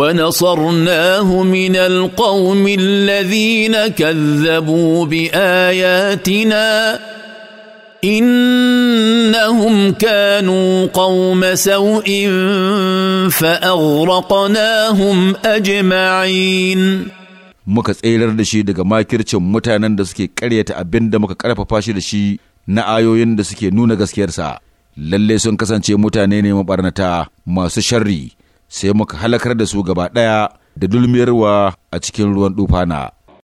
ونصرناه من القوم الذين كذبوا باياتنا انهم كانوا قوم سوء فاغرقناهم اجمعين muka tserar da shi daga makircin mutanen da suke karyata abin da muka karfafa shi da shi na ayoyin da suke nuna gaskiyarsa lalle sun kasance mutane ne mabarnata masu sharri sai muka halakar da su gaba ɗaya da dulmiyarwa a cikin ruwan dufana.